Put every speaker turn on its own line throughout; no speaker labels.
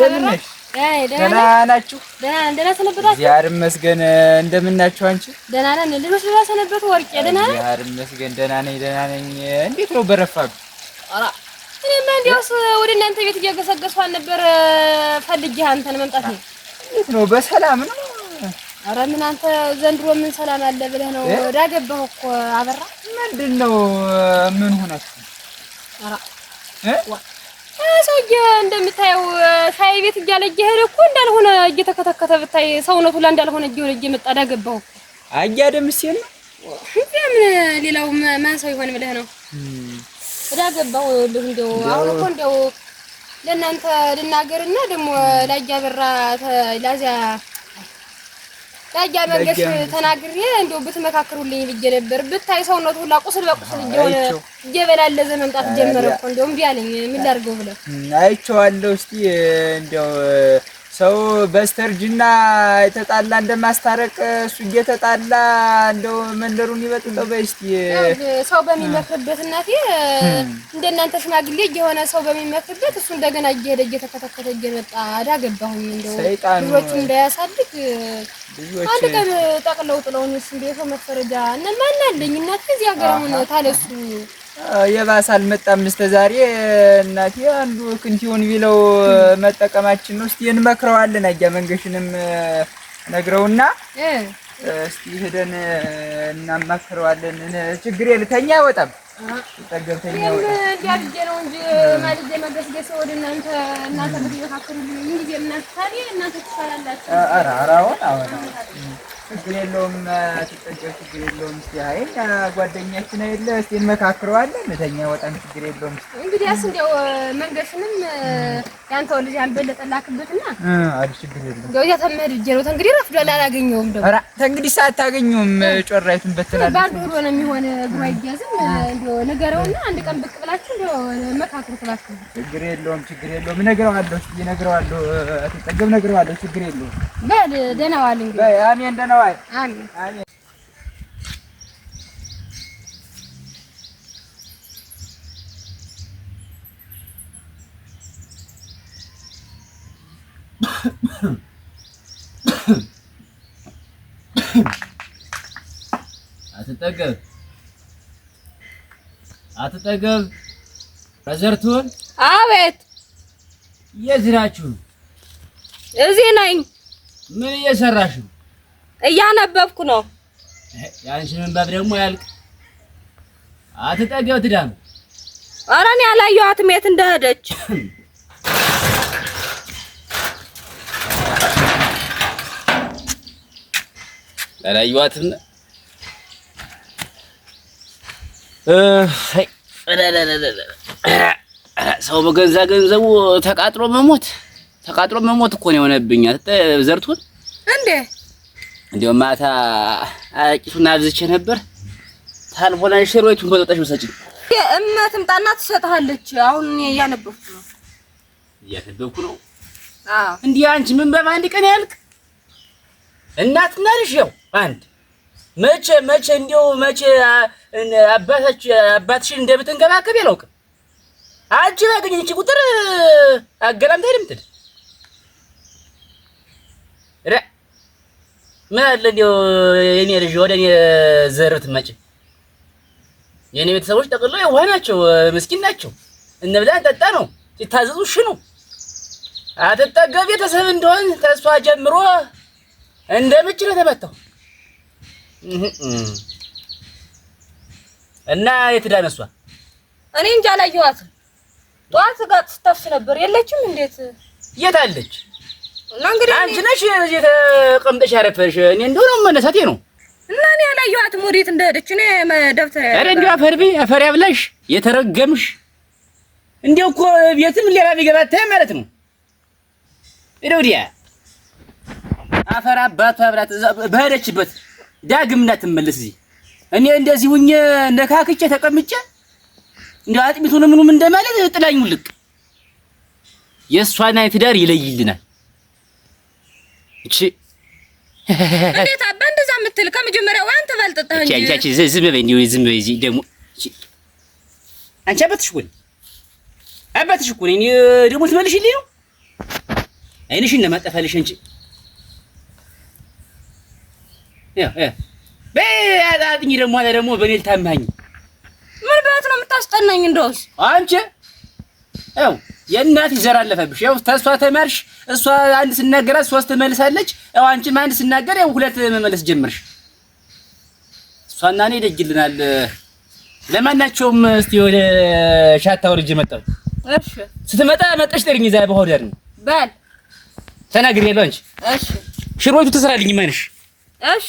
ደህና ናችሁ? እግዚአብሔር ይመስገን። እንደምን ናችሁ? አንቺ ደህና ነን። እንዴት ነው በረፋዱ?
ኧረ ወደ እናንተ ቤት እያገሰገስኩ ነበር፣ ፈልጌ መምጣት ነው።
እንዴት በሰላም ነው?
ኧረ ምን አንተ ዘንድሮ ምን ሰላም አለ ብለህ ነው? ዳገባሁ እኮ አበራ።
ምንድን ነው ምን ሆናችሁ?
ኧረ ሰውዬ እንደምታየው ሻይ ቤት እያለ እየሄደ እኮ እንዳልሆነ እየተከተከተ ብታይ ሰውነቱ ላይ እንዳልሆነ እየሆነ እየመጣ ዳገባው
አያ ደምሴ ምን
ሌላው ማን ሰው ይሆን ብለህ ነው ዳገባው። እንደው አሁን እኮ እንደው ለእናንተ ልናገርና ደግሞ ላያ ላዚያ ዳያ መንገሽ ተናግሬ እንደው ብትመካከሩልኝ ብዬ ነበር። ብታይ ሰውነቱ ሁላ ቁስል በቁስል እየሆነ እየበላለዘ መምጣት ጀመረ እኮ እንደው እምቢ አለኝ። ምን ላድርገው ብለው
አይቼዋለሁ። እስኪ እንደው ሰው በስተርጅና የተጣላ እንደማስታረቅ እሱ እየተጣላ እንደው መንደሩን ይበጥጠው። በስቲ
ሰው በሚመክርበት እናቴ እንደናንተ ሽማግሌ እየሆነ ሰው በሚመክርበት እሱ እንደገና እየሄደ እየተከተከተ እየመጣ አዳገባሁኝ። እንደው ልጆቹ እንዳያሳድግ አንድ ቀን ጠቅለው ጥለውን እሱ እንደ ሰው መፈረጃ እነ ማን አለኝ እናት ከዚህ ሀገር ሆነ ታለሱ
የባሰ አልመጣም እስከ ዛሬ። እናቴ አንዱ ክንቲውን ቢለው መጠቀማችን ነው። እስቲ እንመክረዋለን። አያ መንገሽንም ነግረውና እስቲ ሄደን እናማክረዋለን። ችግር የልተኛ አይወጣም
ጠገብተኛ ነው እንጂ ማድጄ መገስገስ ወደ እናንተ እናንተ ብትመካከሩልኝ እንጊዜ እናንተ ታዲያ እናንተ ትሻላላችሁ።
ኧረ አሁን አሁን ችግር የለውም አትጨንቀሽ፣ ችግር የለውም። እስኪ አይ ጓደኛችን አይደለ እስኪ እንመካክረዋለን። ተኛ ወጣም ችግር የለውም።
እንግዲያስ እንዲያው መንገድሽንም ያንተው ልጅ አልበለጠ ላክበትና ችግር የለውም። እንዲያው እዚያ ተመድ እጄ ተንግዲህ ረፍዷል፣ አላገኘውም። ደግሞ
ኧረ ተንግዲህ ሳታገኘውም ጮራይቱን በትላለች።
ባዶ ብሎ ነው የሚሆን እግሩ አይያዝም። እንዲያው ንገረውና አንድ ቀን ብቅ ብላችሁ እንዲያው መካክሩት እባክህ።
ችግር የለውም፣ ችግር የለውም። እነግረዋለሁ፣ እነግረዋለሁ፣ አትጠገብ፣ እነግረዋለሁ። ችግር የለውም።
በል ደህና ዋል እንግዲህ እኔ ደህና Dawaj. Ania. Ania.
አትጠገብ አትጠገብ። በዘርቱን አቤት። የት ናችሁ? እዚህ ነኝ። ምን እየሰራሽ ነው?
እያነበብኩ ነው።
ያንቺ መንባብ ደግሞ ያልቅ አትጠጊው ትዳም።
ኧረ እኔ አላየኋትም የት እንደሄደች።
አላየኋትም ሰው በገዛ ገንዘቡ ተቃጥሎ መሞት ተቃጥሎ መሞት እኮ ነው የሆነብኝ። ዘርቱን እንዴ እንዲያው ማታ አቂቱን አብዝቼ ነበር። ታልቦና ሽሮቹን በጠጣሽ ወሰጭ
እመትም ጣና ትሰጥሃለች። አሁን እያነበብኩ ነው
እያነበብኩ ነው። አዎ እንዲህ አንቺ ምን በማንድ ቀን ያልክ እናትና ልጅ ያው አንድ መቼ መቼ እንዲያው መቼ አባታች አባትሽን እንደምትንከባከብ አላውቅም። አንቺ ባገኘች ቁጥር አገላምታ ሄድም ረ ምን አለ እንዲያው የኔ ልጅ ወደ እኔ ዘር ብትመጪ። የኔ ቤተሰቦች ጠቅሎ የዋህ ናቸው፣ ምስኪን ናቸው። እንብላ እንጠጣ ነው ሲታዘዙ እሺ ነው። አትጠገብ ቤተሰብ እንደሆን ተስፋ ጀምሮ እንደምች ነው ተመታው እና የት ሄዳ
እኔ እንጃ አላየኋትም። ጠዋት ጋር ስትታፍስ ነበር የለችም። እንዴት
የት አለች? እና እንግዲህ አንቺ ነሽ እዚህ ተቀምጠሽ ያረፈሽ። እኔ እንደሆነ መነሳቴ ነው
እና እኔ አላየኋትም ወዴት እንደሄደች። እኔ ደብተር
ኧረ እንዲያው አፈር ብዬ አፈር ያብላሽ የተረገምሽ። እንዲያው እኮ ቤትም ሌላ ቢገባ አታይም ማለት ነው። እንደው ዲያ አፈር አባቷ አብላት በሄደችበት ዳግም እንዳትመለስ እዚህ እኔ እንደዚህ ሁኜ ነካክቼ ተቀምጬ እንዲያው አጥሚቱን ምኑም እንደማለት ጥላኝ ውልቅ። የእሷን ትዳር ይለይልናል። እቺ
እንዴት አባ እንደዛ የምትል ከመጀመሪያው አንተ ባልጠጣህ
እንጂ ዝም በይ እንዲሁ ዝም በይ። እዚህ ደግሞ አንቺ አባትሽ እኮ ነኝ አባትሽ እኮ ነኝ። ደግሞ ትመልሽልኝ ነው አይንሽን ለማጠፋልሽ አንቺ ያው ደግሞ አለ ደግሞ በኔ ልታማኝ
ምን በት ነው የምታስጠናኝ? እንደውስ
አንቺ ያው የእናት ዘር አለፈብሽ። ያው ተሷ ተመርሽ። እሷ አንድ ስናገራት ሶስት ትመልሳለች። ያው አንቺም አንድ ስናገር ያው ሁለት መመለስ ጀምርሽ። እሷና እኔ ይደግልናል። ለማናቸውም እስቲ ወደ ሻታው ልጅ መጣው። እሺ፣ ስትመጣ መጣሽ ጠሪኝ። ዛ በሆደር ነው በል ተናግሬ ያለው አንቺ። እሺ፣ ሽሮቹ ትሰራልኝ ማይነሽ። እሺ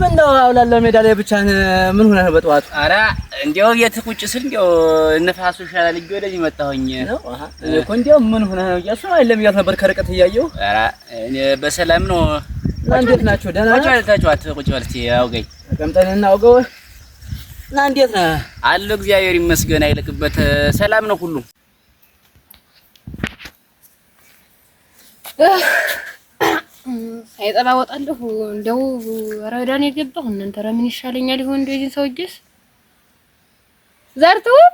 ምን ነው አውላለሁ ሜዳ ላይ ምን ሆነህ ነው ኧረ እንዲያው ቤት ቁጭ ስል እንዲያው ነፋሱ ይሻላል እንጂ ወደዚህ መጣሁኝ እኮ እንዲያው ምን ሆነህ ነው አይደለም ነበር ከርቀት እያየሁ። ኧረ በሰላም ነው።
እንዴት ደህና
በል እስኪ አውገኝ ቀምጠን እና እንዴት ነህ አለሁ። እግዚአብሔር ይመስገን ሰላም ነው ሁሉም
አይጠባ ወጣለሁ እንደው ረዳን የገባሁ እናንተ ኧረ ምን ይሻለኛል ይሆን እንደው ይህን ሰውዬስ ዘርተውን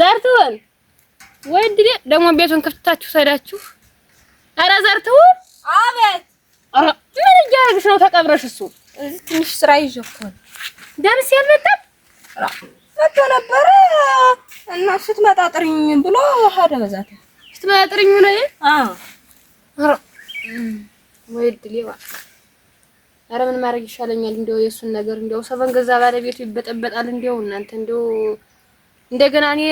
ዘርተውን ወይ ድሬ ደግሞ ቤቱን ክፍትታችሁ ሰዳችሁ ኧረ ዘርተውን አቤት ምን እያደረግሽ ነው ተቀብረሽ እሱ እዚህ ትንሽ ስራ ይዤ እኮ ነው ደምስ ያልመጣም መቶ ነበረ እና ስትመጣ ጥሪኝ ብሎ ሀደ በዛት ስትመጣ ጥሪኝ ሆነ አዎ ወይ እድሌ እባክህ! ምን ማድረግ ይሻለኛል? እንዲያው የእሱን ነገር እንዲያው ሰበን ገዛ ባለቤቱ ይበጠበጣል። እንዲያው እናንተ እንዲያው እንደገና እኔ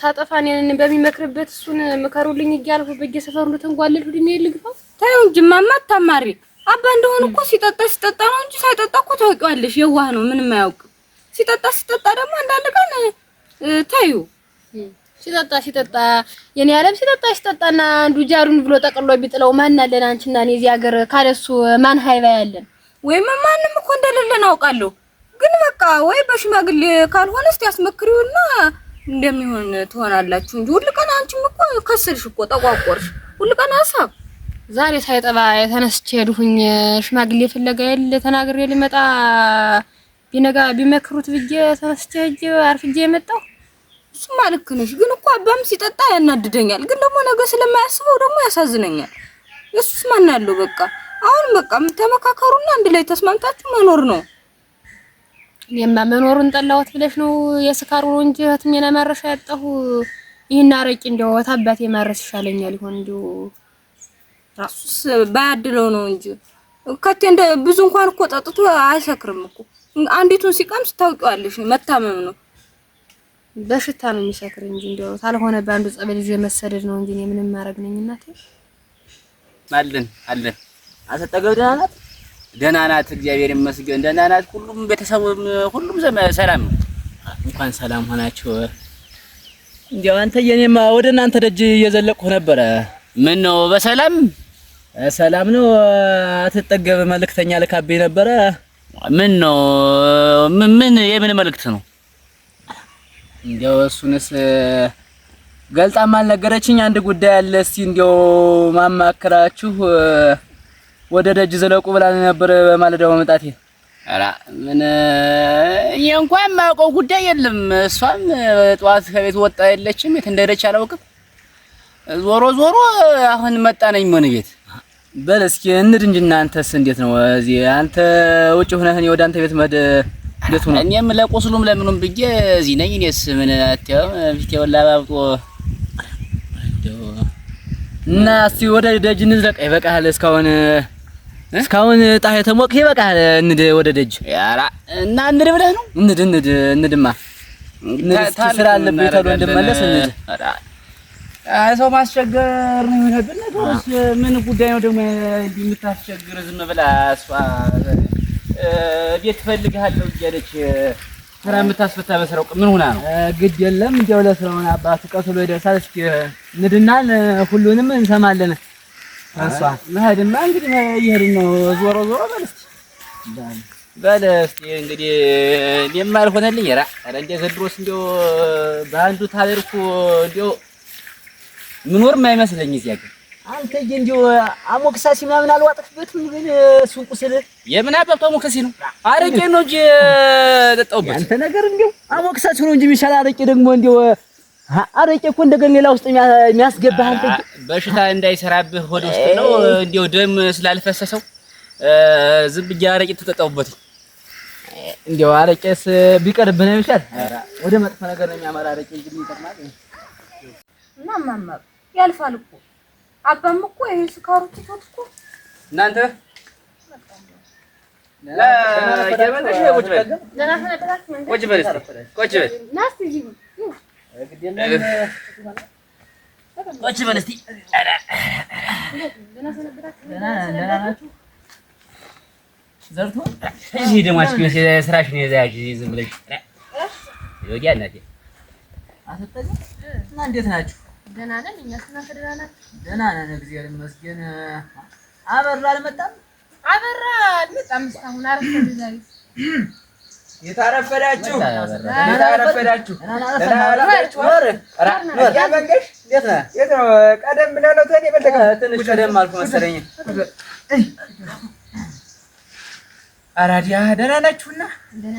ሳጠፋ እኔን በሚመክርበት እሱን ምከሩልኝ እያልኩ በየሰፈሩ እንደተንጓለል ሁሉ ነው ልግፋ። ተይው እንጂ እማማ አታማሪ። አባ እንደሆነ እኮ ሲጠጣ ሲጠጣ ነው እንጂ ሳይጠጣ እኮ ታውቂዋለሽ፣ የዋህ ነው ምንም አያውቅም። ሲጠጣ ሲጠጣ ደግሞ አንዳንድ ቀን ተይው ሲጠጣ ሲጠጣ የኔ ዓለም ሲጠጣ ሲጠጣና አንዱ ጃሩን ብሎ ጠቅሎ ቢጥለው ማን አለን? አንቺና እኔ እዚህ ሀገር ካለሱ ማን ሀይባ ያለን? ወይም ማንም እኮ እንደሌለ አውቃለሁ። ግን በቃ ወይ በሽማግሌ ካልሆነ እስቲ ያስመክሪውና እንደሚሆን ትሆናላችሁ እንጂ ሁሉ ቀን አንቺም እኮ ከስልሽ እኮ ጠቋቆርሽ። ሁሉ ቀን ሀሳብ ዛሬ ሳይጠባ የተነስቼ ሄድሁኝ ሽማግሌ ፍለጋ የለ ተናግሬ ሊመጣ ቢነጋ ቢመክሩት ብዬ ተነስቼ ሄጄ አርፍጄ የመጣው እሱማ ልክ ነሽ። ግን እኮ አባም ሲጠጣ ያናድደኛል፣ ግን ደግሞ ነገ ስለማያስበው ደግሞ ያሳዝነኛል። እሱስ ማን ያለው? በቃ አሁን በቃ ተመካከሩና አንድ ላይ ተስማምታችሁ መኖር ነው። እኔማ መኖሩን ጠላሁት ብለሽ ነው የስካሩ ነው እንጂ እህትም የናመረሻ ያጣሁ ይሄን አረቂ እንደው አባቴ ማረስ ይሻለኛል ይሆን እንደው ራሱስ ባያድለው ነው እንጂ ከቴ እንደ ብዙ እንኳን እኮ ጠጥቶ አይሰክርም እኮ አንዲቱን ሲቀምስ ታውቂዋለሽ፣ መታመም ነው በሽታ ነው የሚሰክር እንጂ እንደው ታልሆነ በአንዱ ጸበል ይዤ መሰደድ ነው እንጂ ምንም ማድረግ ነኝ። እናቴ
አለን አለን አሰጠገብ ደህና ናት፣ ደህና ናት፣ እግዚአብሔር ይመስገን ደህና ናት። ሁሉም ቤተሰቡ ሁሉም ሰላም ነው። እንኳን ሰላም ሆናችሁ። እንዲያው አንተ የኔማ ወደ እናንተ ደጅ እየዘለቅኩ ነበረ። ምን ነው በሰላም ሰላም ነው። አትጠገብ መልእክተኛ ልካቤ ነበረ። ምን ነው ምን የምን መልእክት ነው? እንዲያው እሱንስ ገልጣም አልነገረችኝ። አንድ ጉዳይ አለ፣ እስቲ እንዲያው ማማከራችሁ ወደ ደጅ ዘለቁ ብላ ነበር በማለዳው መምጣቴ። ኧረ ምን እንኳን የማውቀው ጉዳይ የለም። እሷም ጠዋት ከቤት ወጣ የለችም፣ የት እንደሄደች አላውቅም። ዞሮ ዞሮ አሁን መጣ ነኝ ምን ቤት በል እስኪ እንድ እንጂ እናንተስ እንዴት ነው? እዚህ አንተ ውጭ ሆነህ እኔ ወደ አንተ ቤት መድ እኔም ለቁስሉም ለምኑም ብዬ እዚህ ነኝ። እኔስ ምን አትየውም ፊቴውን ላባብጦ እና እስኪ ወደ ደጅ እንዝለቅ። ይበቃሃል። እስካሁን እስካሁን ጣህ የተሞቅህ ይበቃሃል። እንድ ወደ ደጅ ኧረ እና እንድ ብለህ ነው? እንድ እንድ እንድማ ስራ አለብኝ ተብሎ እንድመለስ እንድ ሰው ማስቸገር ነው የሚሆንብን። ምን ጉዳይ ነው ደግሞ የምታስቸግር? ዝም ብላ እሷ ቤት እፈልግሃለሁ እያለች ስራ የምታስፈታ መስረቅ ምን ሆና ነው? ግድ የለም እንዲያው ለስራውን አባት ቀስሎ ይደርሳል። እስኪ ንድና ሁሉንም እንሰማለን። እሷ መሄድማ እንግዲህ እየሄድን ነው። ዞሮ ዞሮ በል እስኪ በል እስኪ እንግዲህ እኔም አልሆነልኝ። ኧረ ኧረ እንደ ዘንድሮስ እንዲያው በአንዱ ታደርኩ እንዲያው ምኖርም አይመስለኝ እዚህ ግን አንተዬ እንዲያው አሞክሳሲ ምናምን አልዋጥክበትም? ግን ሱቁ ስልህ የምን አባቱ አሞክሳሲ ነው? አረቄ ነው እንጂ ጠጣሁበት። አንተ ነገር እንዲያው አሞክሳሲ ነው እንጂ የሚሻል አረቄ ደግሞ እንዲያው አረቄ እኮ እንደገና ሌላ ውስጥ የሚያስገባህ አንተ በሽታ እንዳይሰራብህ ወደ ውስጥ ነው እንዲያው ደም ስላልፈሰሰው ዝም ብዬ አረቄ ተጠጣሁበት። እንዲያው አረቄስ ቢቀርብህ ነው የሚሻል። ወደ መጥፎ ነገር ነው የሚያመራ አረቄ እንጂ የሚጠቅማት
እና ያልፋል እኮ አባም እኮ ይሄ ስካሩ ትቶት እኮ
እናንተ ቁጭ በል ቁጭ በል ቁጭ በል እስኪ ዘርቶ እዚህ ደግሞ አስኪ ስራሽን የያዥ ዝም ብለሽ ወዲያ እናቴ አሰጠኝ እና እንዴት ናችሁ?
ደህና ነን እኛ ስናንተ ደህና ናት?
ደህና ነን እግዚአብሔር ይመስገን። አበራ አልመጣም?
አበራ አልመጣም እስካሁን አረፈደ ዛሬ።
የታረፈዳችሁ ቀደም ብለህ ነው ትንሽ ቀደም አልኩ መሰለኝ አራዲያ ደህና ናችሁና አለን።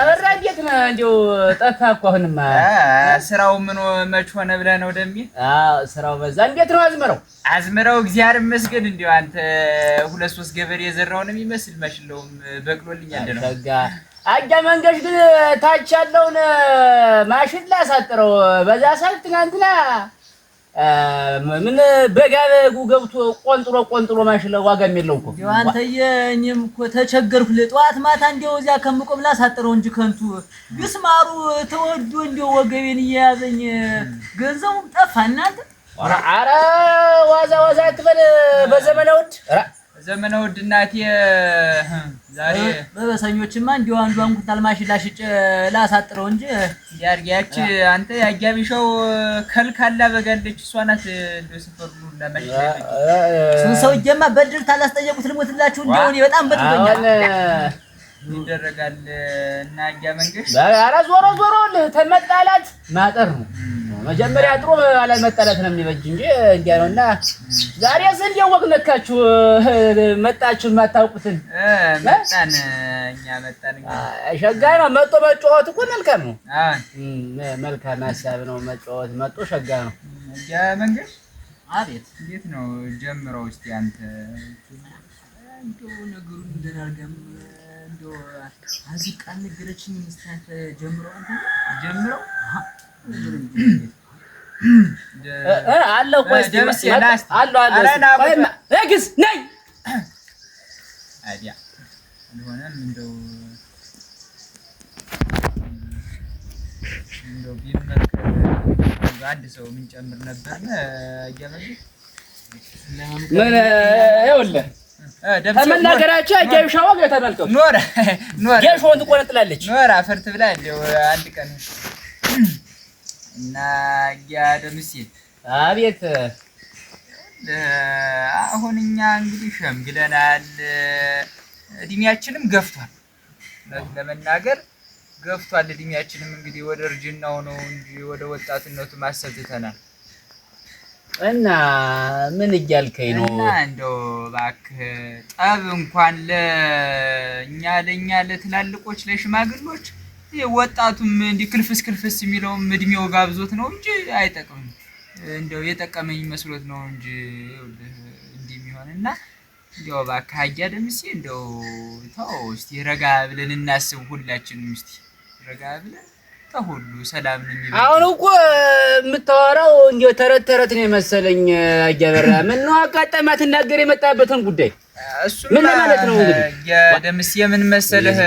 አበራ እንዴት ነህ? እንደው ጠፋህ እኮ አሁንማ። ስራው ምን መች ሆነ ብለህ ነው ደሜ? ስራው በዛ። እንዴት ነው አዝመራው? አዝመራው እግዚአብሔር ይመስገን። እንደው አንተ ሁለት ሶስት ገበሬ የዘራውን የሚመስል አጃ መንገድ ግን ታች ያለውን በዛ ትናንትና ምን በጋበጉ ገብቶ ቆንጥሮ ቆንጥሮ ማሽለ ዋጋም የለው እኮ አንተዬ። እኔም እኮ ተቸገርኩ። ለጠዋት ማታ እንዲያው እዚያ ከምቆም ላሳጥረው እንጂ ከንቱ ቢስማሩ ተወዶ እንዲያው ወገቤን እየያዘኝ ገንዘቡም ጠፋ። እናንተ ኧረ ዋዛ ዋዛ አትበል በዘመናውድ ዘመነ ውድ ዛሬ በበሰኞችማ እንዲሁ አንዷን ኩንታል ማሽላ ሽጬ ላሳጥረው እንጂ ያርጊያች አንተ ያጋቢሻው ከልካላ በጋለች እሷ ናት። እንደው ሰፈሩ ለማሽላ ስንት ሰውዬማ በድር ታላስጠየቁት ልሞትላችሁ እንደው እኔ በጣም በጥቶኛል። ኧረ ዞሮ ዞሮ መጣላት ማጠር ነው። መጀመሪያ ጥሩ አለመጣላት ነው የሚበጅ እንጂ እንዲያ ነው። እና ዛሬ ስንዴ ወግ ነካችሁ መጣችሁ የማታውቁትን መጣን ሸጋ ነው መጦ መጫወት እኮ መልካም ነው። መልካም ሀሳብ ነው መጫወት መጦ ሸጋ ነው። አቤት፣ እንዴት ነው ጀምረው እስኪ አንተ ነገሩን አዚ ቃል ነገረችኝ። መስራት ጀምረዋል ጀምረው አለ ቆይ ነይ አዲያ አልሆነም። እንደው እንደው ቢመከር አንድ ሰው የምንጨምር ጨምር ነበር እያመለክ ምን ይኸውልህ ከመናገራቸው አጃዩሻ ብላ እንደው አንድ ቀን እና ያ አቤት። አሁን እኛ እንግዲህ ሸምግለናል፣ እድሜያችንም ገፍቷል። ለመናገር ገፍቷል እድሜያችንም እንግዲህ ወደ እርጅናው ነው እንጂ ወደ ወጣትነቱ ማሰልትተናል። እና ምን እያልከኝ ነው? እና እንደው እባክህ ጠብ እንኳን ለእኛ ለእኛ ለትላልቆች ለሽማግሎች ወጣቱም እንዲህ ክልፍስ ክልፍስ የሚለውም እድሜው ጋብዞት ነው እንጂ አይጠቅምም። እንደው የጠቀመኝ መስሎት ነው እንጂ እንዲህ የሚሆን እና እንደው እባክህ አያ ደምሴ እንደው ተው እስኪ ረጋ ብለን እናስብ። ሁላችንም እስኪ ረጋ ብለን ሁሉ ሰላም ነው። አሁን እኮ የምታወራው እንዲያው ተረት ተረት ነው የመሰለኝ። አጀበራ ምን ነው አጋጠማ ትናገር የመጣበትን ጉዳይ ምን ማለት ነው? እንግዲህ ደምስ የምን መሰለህ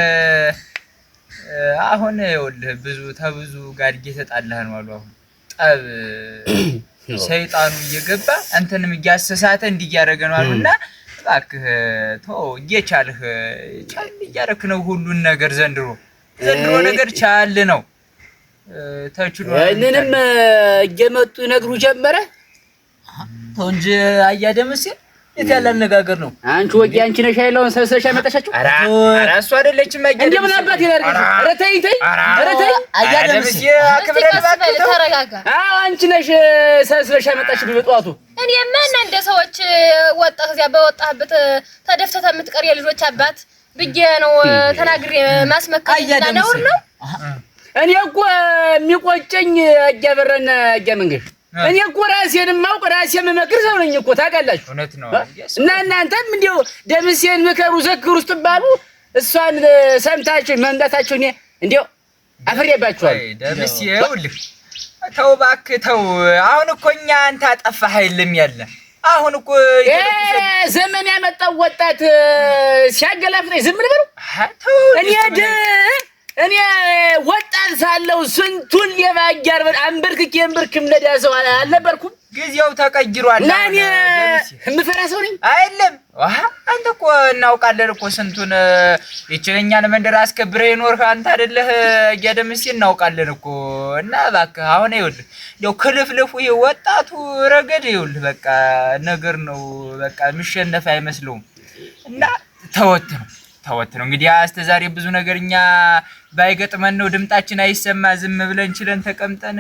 አሁን ይኸውልህ ብዙ ተብዙ ጋር እየተጣላህ ነው አሉ። አሁን ጠብ ሰይጣኑ እየገባ አንተንም እያሰሳተ እንዲህ እያደረገ ነው አሉና እባክህ ተው፣ እየቻልህ ቻል እያደረክ ነው ሁሉን ነገር ዘንድሮ ዘንድሮ ነገር ቻል ነው ተችሏል። እኔንም እየመጡ ይነግሩ ጀመረ። ተው እንጂ አያደም ሲል የት ያለ አነጋገር ነው? አንቺ ወቂ አንቺ ነሽ አይለውን ሰብሰብሽ ያመጣሻቸው። ኧረ እሱ አይደለችም። እንደምን አባት ይላል። ኧረ ተይ ተይ፣ ኧረ ተይ አያደም
ሲል ተረጋጋ።
አዎ አንቺ ነሽ ሰብሰብሽ ያመጣሽ በጠዋቱ።
እኔ ምን እንደ ሰዎች ወጣህ እዚያ በወጣህበት ተደፍተህ የምትቀር የልጆች አባት ብዬ ነው ተናግሬ ማስመከር ነው ነው
እኔ እኮ የሚቆጨኝ እያበረን እያመንገሽ እኔ እኮ ራሴን ማውቅ ራሴ የምመክር ሰው ነኝ እኮ ታውቃላችሁ። እና እናንተም እንዲያው ደምሴን ምከሩ ዘክሩ ውስጥ ባሉ እሷን ሰምታችሁ መምጣታችሁ እኔ እንዲው አፍሬባችኋለሁ። ደምሴ ይኸውልህ፣ ተው እባክህ ተው። አሁን እኮ እኛ አንተ አጠፋህ አይደለም ያለ አሁን እኮ ዘመን ያመጣው ወጣት ሲያገላፍጠኝ ዝም ልበሉ እኔ እኔ ወጣት ሳለው ስንቱን የባጋር አንበርክክ የንብርክ ምነዳ ሰው አልነበርኩም። ጊዜው ተቀይሯል። ለእኔ የምፈራ ሰው ነኝ አይደለም። አንተ እኮ እናውቃለን እኮ ስንቱን የችለኛን መንደር አስከብረ የኖርህ አንተ አደለህ? እያደምሴ እናውቃለን እኮ እና እባክህ አሁን ይኸውልህ ያው ክልፍልፉ ይህ ወጣቱ ረገድ ይኸውልህ በቃ ነገር ነው በቃ የሚሸነፍ አይመስለውም እና ተወት ነው ተወት ነው እንግዲህ እስከ ዛሬ ብዙ ነገር እኛ ባይገጥመን ነው ድምጣችን አይሰማ ዝም ብለን ችለን ተቀምጠን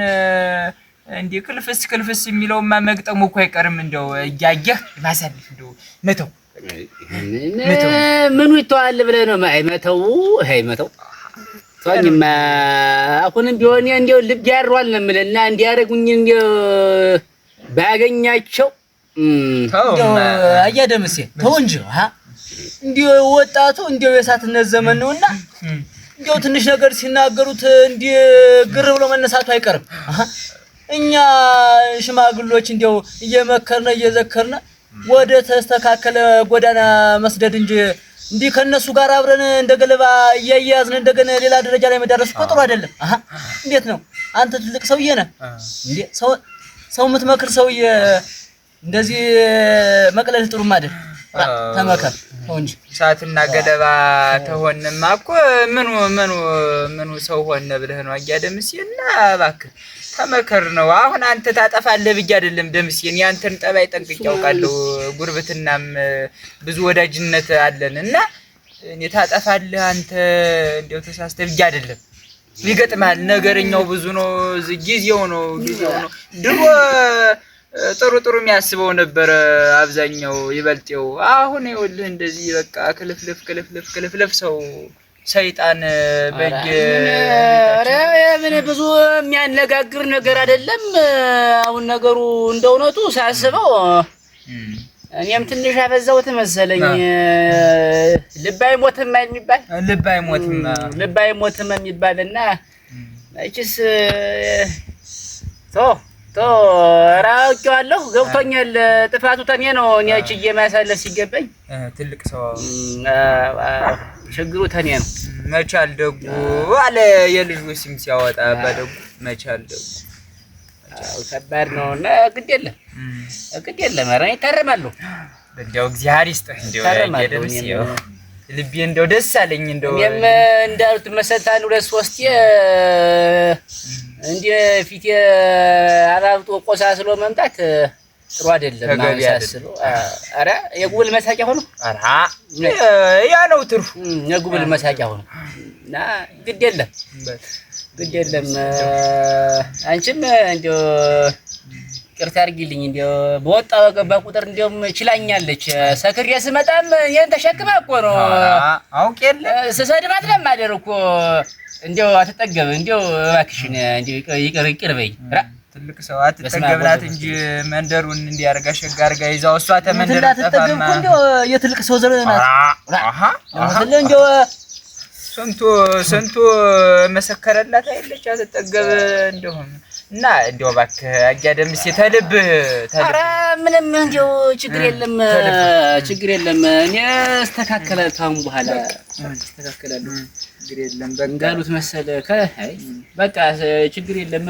እንዲህ ክልፍስ ክልፍስ የሚለውማ መግጠሙ እኮ አይቀርም። እንደው እያየህ ማሳለፍ እንደው መተው ምኑ ይተዋል ብለህ ነው መተው መተው ቷኝማ አሁንም ቢሆን እንደው ልብ ያሯል ነው የምልህ እና እንዲያደርጉኝ እንዲው ባገኛቸው ተው አያ ደምሴ ተው እንጂ እንዲሁ ወጣቱ እንዲሁ የእሳትነት ዘመን ነውና እንዲው ትንሽ ነገር ሲናገሩት እንዲህ ግር ብሎ መነሳቱ አይቀርም። እኛ ሽማግሎች እንዲው እየመከርነ እየዘከርነ ወደ ተስተካከለ ጎዳና መስደድ እንጂ እንዲህ ከነሱ ጋር አብረን እንደ ገለባ እያያዝን እንደገና ሌላ ደረጃ ላይ መዳረስ እኮ ጥሩ አይደለም። እንዴት ነው አንተ ትልቅ ሰውዬ ነህ እንዴ? ሰው ሰው የምትመክር ሰውዬ እንደዚህ መቅለል ጥሩም አይደል? ተመከር እንጂ እሳትና ገለባ ተሆንማ እኮ ምኑ ምኑ ምኑ ሰው ሆነ ብለህ ነው አያ ደምሴና፣ እባክህ ተመከር ነው። አሁን አንተ ታጠፋለህ ብዬ አይደለም ደምሴን፣ ያንተን ጠባይ ጠንቅቄ ያውቃለሁ። ጉርብትናም ብዙ ወዳጅነት አለን እና እኔ ታጠፋለህ አንተ እንደው ተሳስተህ ብዬ አይደለም ይገጥማል። ነገረኛው ብዙ ነው፣ ጊዜው ነው ጊዜው ነው ድሮ ጥሩ ጥሩ የሚያስበው ነበረ አብዛኛው ይበልጤው። አሁን ይኸውልህ እንደዚህ በቃ ክልፍልፍ ክልፍልፍ ክልፍልፍ ሰው ሰይጣን በእጅ ምን ብዙ የሚያነጋግር ነገር አይደለም። አሁን ነገሩ እንደ እውነቱ ሳስበው እኔም ትንሽ አበዛሁት መሰለኝ። ልብ አይሞትም የሚባል ልብ አይሞትም ልብ አይሞትም የሚባል እና መቼስ ተው ራውቄዋለሁ፣ ገብቶኛል። ጥፋቱ ተኔ ነው። እኔ ችዬ ማሳለፍ ሲገባኝ ትልቅ ሰው ችግሩ ተኔ ነው። መቻል ደጉ አለ የልጁ ስም ሲያወጣ በደጉ መቻል ደጉ ከባድ ነው እና ግድ የለም ግድ የለም። ኧረ እኔ እንዲያው እግዚአብሔር ይስጥህ። እንዲያው ልቤ እንደው ደስ አለኝ። እንደው እኔም እንዳሉት መሰልታን ሁለት ሶስቴ እንደ ፊቴ አራብጦ ቆሳስሎ መምጣት ጥሩ አይደለም። ማሳስሎ አረ የጉብል መሳቂያ ሆኖ አራ ያ ነው ትርፉ፣ የጉብል መሳቂያ ሆኖ እና ግድ የለም ግድ የለም። አንቺም እንደው ቅርታ አድርጊልኝ፣ እንደው በወጣ በገባ ቁጥር እንደውም ችላኛለች። ሰክሬ ስመጣም ይሄን ተሸክማ እኮ ነው አውቄ የለ ስሰድባት ለማደር እኮ እንደው አትጠገብም። እንደው እባክሽን ይቅር ይቅር በይ። ትልቅ ሰው አትጠገብላት እንጂ መንደሩን እንዲያርጋ ሸጋ አርጋ ይዛው እሷ ተመንደር ጠፋማ። እንደው የትልቅ ሰው ዘር ናት። አሃ አሃ እንደው ስንቱ ስንቱ መሰከረላት አይደለች አትጠገብ እንደሆነ እና እንዲያው እባክህ አያ ደምሴ ተልብህ ኧረ ምንም እንዲያው ችግር የለም ችግር የለም። እኔ አስተካከለ ታሁን በኋላ አስተካከላለሁ። ችግር የለም በእንጋሉት መሰለ ከ በቃ ችግር የለም